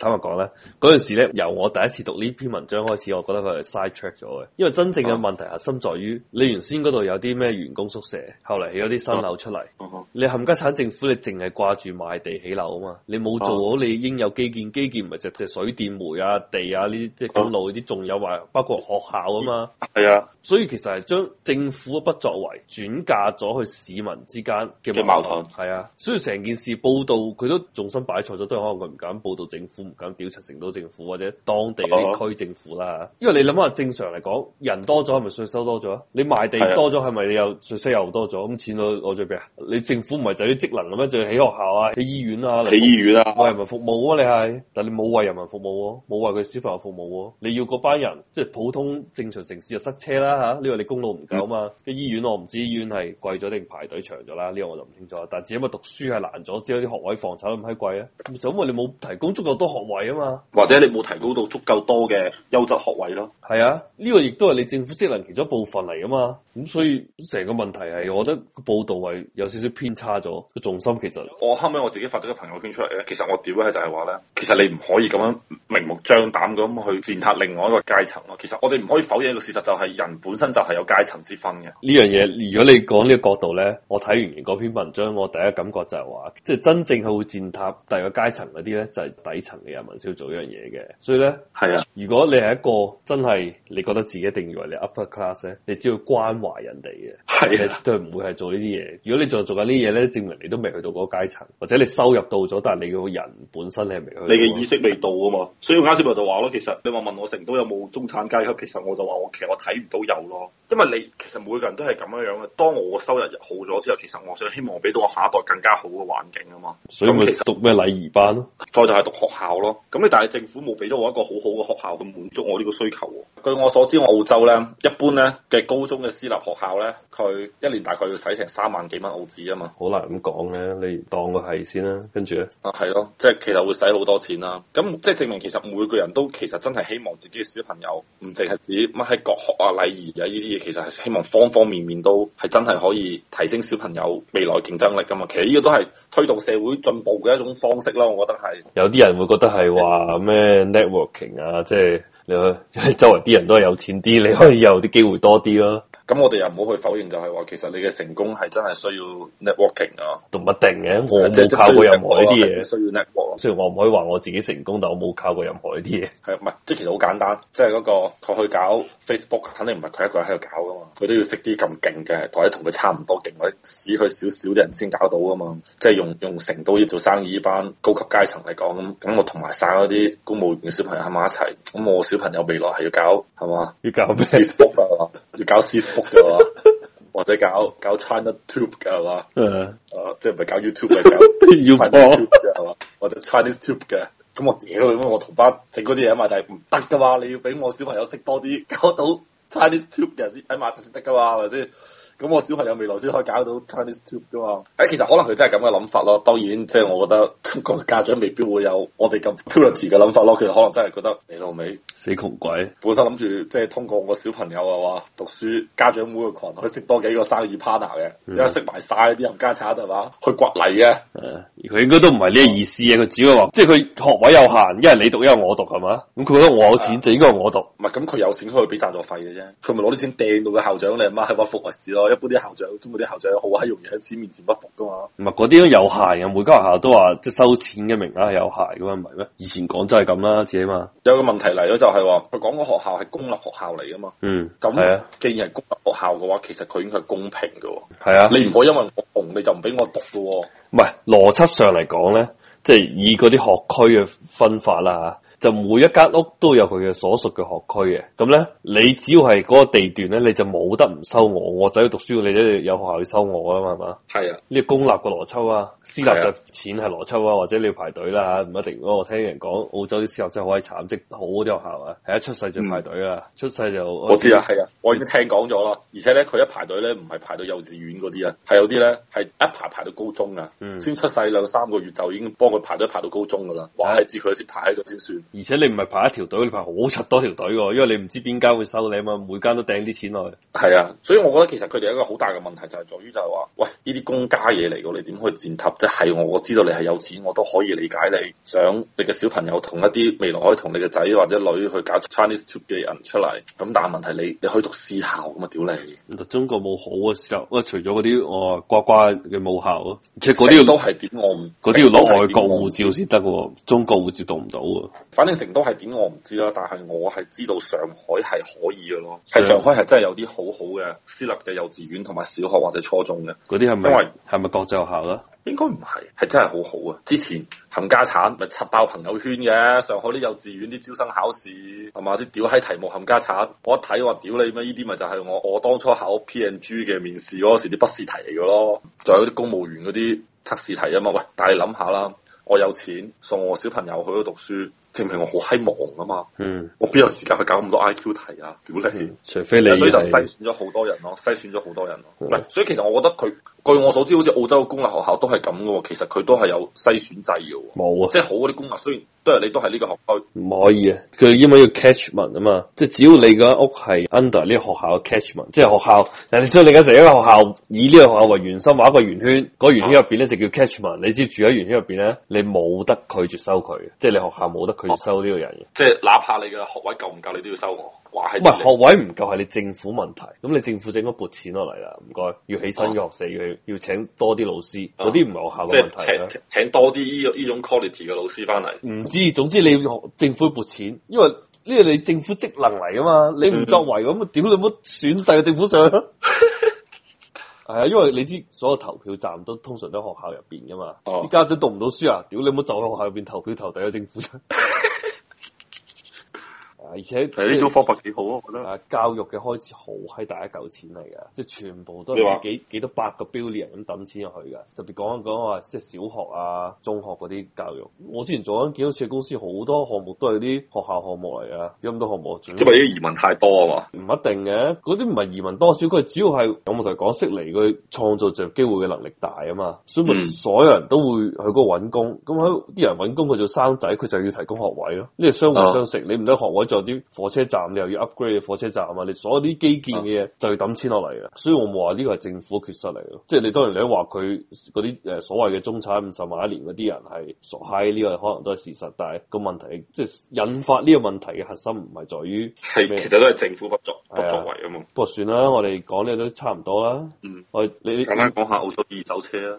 坦白講咧，嗰陣時咧，由哇 If 我第一次讀呢篇文章開始，我覺得佢係 sidetrack 咗嘅。因為真正嘅問題核心在於，你原先嗰度有啲咩員工宿舍，後嚟起咗啲新樓出嚟，你冚家產政府，你淨係掛住賣地起樓啊嘛，你冇做好你應有基建，基建唔係淨係水電煤啊、地啊呢啲，即係公路啲，仲有話包括學校啊嘛。係、嗯、啊，所以其實係將政府不作為轉嫁咗去市民之間嘅矛盾。係啊，所以成件事報導佢都重心擺錯咗，都係可能佢唔敢報導政府。唔敢屌查成都政府或者當地啲區政府啦，啊、因為你諗下正常嚟講，人多咗係咪稅收多咗？你賣地多咗係咪你又稅收又多咗？咁錢攞攞咗邊啊？你政府唔係就啲職能嘅咩？就係起學校啊、起醫院啊。起醫院啊，為人民服務啊，啊你係，但你冇為人民服務喎、啊，冇為佢小朋友服務喎、啊。你要嗰班人即係普通正常城市就塞車啦、啊、嚇，呢、啊、個你公路唔夠啊嘛。啲、嗯、醫院我唔知醫院係貴咗定排隊長咗啦，呢、這個我就唔清楚。但係只因為讀書係難咗？只有啲學位房炒得咁閪貴啊，就因為你冇提供足夠多學學位啊嘛，或者你冇提高到足夠多嘅優質學位咯。係啊，呢、這個亦都係你政府職能其中一部分嚟噶嘛。咁所以成個問題係，我覺得個報道係有少少偏差咗，個重心其實我後尾我自己發咗個朋友圈出嚟咧，其實我屌咧就係話咧，其實你唔可以咁樣明目張膽咁去踐踏另外一個階層咯。其實我哋唔可以否認一、那個事實，就係人本身就係有階層之分嘅。呢、嗯、樣嘢，如果你講呢個角度咧，我睇完嗰篇文章，我第一感覺就係話，即、就、係、是、真正係會踐踏第二個階層嗰啲咧，就係底層。文少做一樣嘢嘅，所以咧係啊。的如果你係一個真係你覺得自己一定以為你 upper class 咧，你只要關懷人哋嘅，係啊的，絕對唔會係做呢啲嘢。如果你仲做緊呢啲嘢咧，證明你都未去到嗰個階層，或者你收入到咗，但係你個人本身你係未去，你嘅意識未到啊嘛。所以我啱先咪就話咯，其實你話問我成都有冇中產階級？其實我就話我其實我睇唔到有咯，因為你其實每個人都係咁樣樣嘅。當我收入好咗之後，其實我想希望俾到我下一代更加好嘅環境啊嘛。那所以其實讀咩禮儀班，再就係讀學校。咁你但係政府冇俾到我一個好好嘅學校去滿足我呢個需求喎。據我所知，我澳洲咧一般咧嘅高中嘅私立學校咧，佢一年大概要使成三萬幾蚊澳紙啊嘛，好難咁講嘅。你當佢係先啦，跟住咧啊，係咯，即係、啊就是、其實會使好多錢啦、啊。咁即係證明其實每個人都其實真係希望自己嘅小朋友唔淨係指乜喺國學啊、禮儀啊呢啲嘢，其實係希望方方面面都係真係可以提升小朋友未來競爭力噶嘛。其實呢個都係推動社會進步嘅一種方式咯。我覺得係有啲人會覺得。係話咩 networking 啊，即係你周圍啲人都係有錢啲，你可以有啲機會多啲咯。咁我哋又唔好去否認，就係話其實你嘅成功係真係需要 networking 啊，都唔一定嘅。我冇靠過任何呢啲嘢。需要 networking。雖然我唔可以話我自己成功，但我冇靠過任何呢啲嘢。係，唔係？即係其實好簡單，即係嗰個佢去搞 Facebook，肯定唔係佢一個人喺度搞噶嘛。佢都要識啲咁勁嘅，或者同佢差唔多勁，或者使佢少少啲人先搞到噶嘛。即係用用成都業做生意呢班高級階層嚟講，咁咁我同埋曬嗰啲公務員嘅小朋友喺埋一齊，咁我小朋友未來係要搞係嘛？要搞 Facebook 啊？ 要搞 Facebook 嘅，或者搞搞 China Tube 嘅係嘛，即係唔係搞 YouTube 嘅，搞 YouTube 嘅，係嘛，或者 Chinese Tube 嘅，咁我屌，咁我同班整嗰啲嘢啊嘛，就係唔得噶嘛，你要俾我小朋友識多啲，搞到 Chinese Tube 嘅先，起碼就先得噶嘛，係咪先？咁我小朋友未來先可以搞到 Chinese tube 㗎嘛？誒、哎，其實可能佢真係咁嘅諗法咯。當然，即、就、係、是、我覺得個家長未必會有我哋咁 purity 嘅諗法咯。其實可能真係覺得你老味，尾尾死窮鬼，本身諗住即係通過我小朋友嘅話，讀書家長會嘅群，去以識多幾個生意 partner 嘅，而、嗯、家識埋晒啲又唔家產，係嘛？去掘泥嘅，誒、嗯，佢應該都唔係呢個意思嘅。佢主要話，即係佢學位有限，一係你讀，一係我讀，係嘛？咁、嗯、佢覺得我有錢、嗯、就應該我讀，唔係咁佢有錢可以俾贊助費嘅啫，佢咪攞啲錢掟到個校長你阿媽喺度屈服為止咯。一般啲校長，都冇啲校長好閪容易喺錢面前屈服噶嘛。唔係嗰啲都有限嘅，每間學校都話即係收錢嘅名額係有限噶嘛，唔係咩？以前廣州係咁啦，自己嘛。有個問題嚟咗就係話，佢講個學校係公立學校嚟噶嘛。嗯、咁、啊，既然係公立學校嘅話，其實佢應該係公平噶。係啊，你唔好因為窮你就唔俾我讀噶。唔係邏輯上嚟講咧，即、就、係、是、以嗰啲學區嘅分法啦、啊。就每一間屋都有佢嘅所屬嘅學區嘅，咁咧你只要係嗰個地段咧，你就冇得唔收我。我仔去讀書，你一定有學校去收我啊嘛，係嘛？係啊，呢個公立個邏輯啊，私立就錢係邏輯啊，或者你要排隊啦、啊、嚇，唔一定。我聽人講澳洲啲私立真係好鬼慘，即、係、好啲學校啊，係一出世就排隊啊，嗯、出世就我知啊，係啊，我已經聽講咗啦。而且咧佢一排隊咧，唔係排到幼稚園嗰啲啊，係有啲咧係一排排到高中啊，嗯、先出世兩三個月就已經幫佢排隊排到高中噶啦，話係知佢先排喺度先算。而且你唔係排一條隊，你排好柒多條隊喎，因為你唔知邊間會收你啊嘛，每間都掟啲錢落去！係啊，所以我覺得其實佢哋一個好大嘅問題就係在於就話，喂，呢啲公家嘢嚟噶，你點去踐踏？即係我知道你係有錢，我都可以理解你想你嘅小朋友同一啲未來可以同你嘅仔或者女去搞 Chinese tube 嘅人出嚟。咁但係問題你你可以讀私校咁啊？屌你，中國冇好嘅私校，喂，除咗嗰啲我掛掛嘅母校咯，即係嗰啲都係點我？嗰啲要攞外國護照先得喎，中國護照讀唔到啊！反正成都係點我唔知啦，但係我係知道上海係可以嘅咯。係以上海係真係有啲好好嘅私立嘅幼稚園同埋小學或者初中嘅嗰啲，係咪？係咪因為係咪國際學校啦？應該唔係，係真係好好啊！之前冚家鏟咪刷爆朋友圈嘅上海啲幼稚園啲招生考試係嘛，啲屌閪題目冚家鏟，我一睇我話屌你咩？呢啲咪就係我我當初考 P&G 嘅面試嗰時啲筆試題嚟嘅咯。仲有啲公務員嗰啲測試題啊嘛。喂，但係你諗下啦，我有錢送我小朋友去度讀書。證明我好閪忙啊嘛，嗯、我邊有時間去搞咁多 I Q 題啊？屌你，除非你，所以就篩選咗好多人咯，篩選咗好多人咯。嗯、所以其實我覺得佢據我所知，好似澳洲嘅公立學校都係咁嘅喎，其實佢都係有篩選制嘅喎。冇啊，即係好嗰啲公立，雖然都係你都係呢個學校。唔可以啊。佢因為要 catchment 啊嘛，即係只要你嘅屋係 under 呢個學校嘅 catchment，即係學校。人哋你需你而家成間學校以呢個學校為圓心畫一個圓圈，嗰、嗰個、圓圈入邊咧就叫 catchment。你只要住喺圓圈入邊咧，你冇得拒絕收佢，即係你學校冇得拒。越收呢個人即係哪怕你嘅學位夠唔夠，你都要收我。話係唔係學位唔夠係你政府問題，咁你政府整應該撥錢落嚟啦。唔該，要起身、啊、要學死佢，要請多啲老師，有啲唔係學校嘅問題咧。請多啲呢呢種 quality 嘅老師翻嚟。唔知，總之你要學政府撥錢，因為呢個你政府職能嚟噶嘛，你唔作為咁，屌 你冇選第個政府上。係啊，因為你知所有投票站都通常都學校入邊噶嘛，啲家長讀唔到書啊，屌你冇走去學校入邊投票投第個政府。 而且呢種方法幾好啊！我覺得啊，教育嘅開始好係大一嚿錢嚟嘅，即係全部都係幾麼幾，幾多百個 billion 咁抌錢入去嘅。特別講一講話，即係小學啊、中學嗰啲教育。我之前做緊幾多次嘅公司，好多項目都係啲學校項目嚟啊。有咁多項目，即係因為移民太多啊嘛？唔一定嘅，嗰啲唔係移民多少，佢主要係有冇同係講悉尼佢創造就業機會嘅能力大啊嘛，所以所有人都會去嗰度揾工。咁喺啲人揾工，佢做生仔，佢就要提供學位咯。呢個相互相識，你唔、嗯、得學位再。啲火車站，你又要 upgrade 火車站啊，你所有啲基建嘅嘢就要抌錢落嚟啊，所以我冇話呢個係政府缺失嚟咯。即係你當然你都話佢嗰啲誒所謂嘅中產五十萬一年嗰啲人係傻閪，呢、這個可能都係事實，但係個問題即係、就是、引發呢個問題嘅核心唔係在於係，其實都係政府不作不作為啊嘛。不過算啦，我哋講呢都差唔多啦。嗯，我你簡單講下澳洲二手車啊。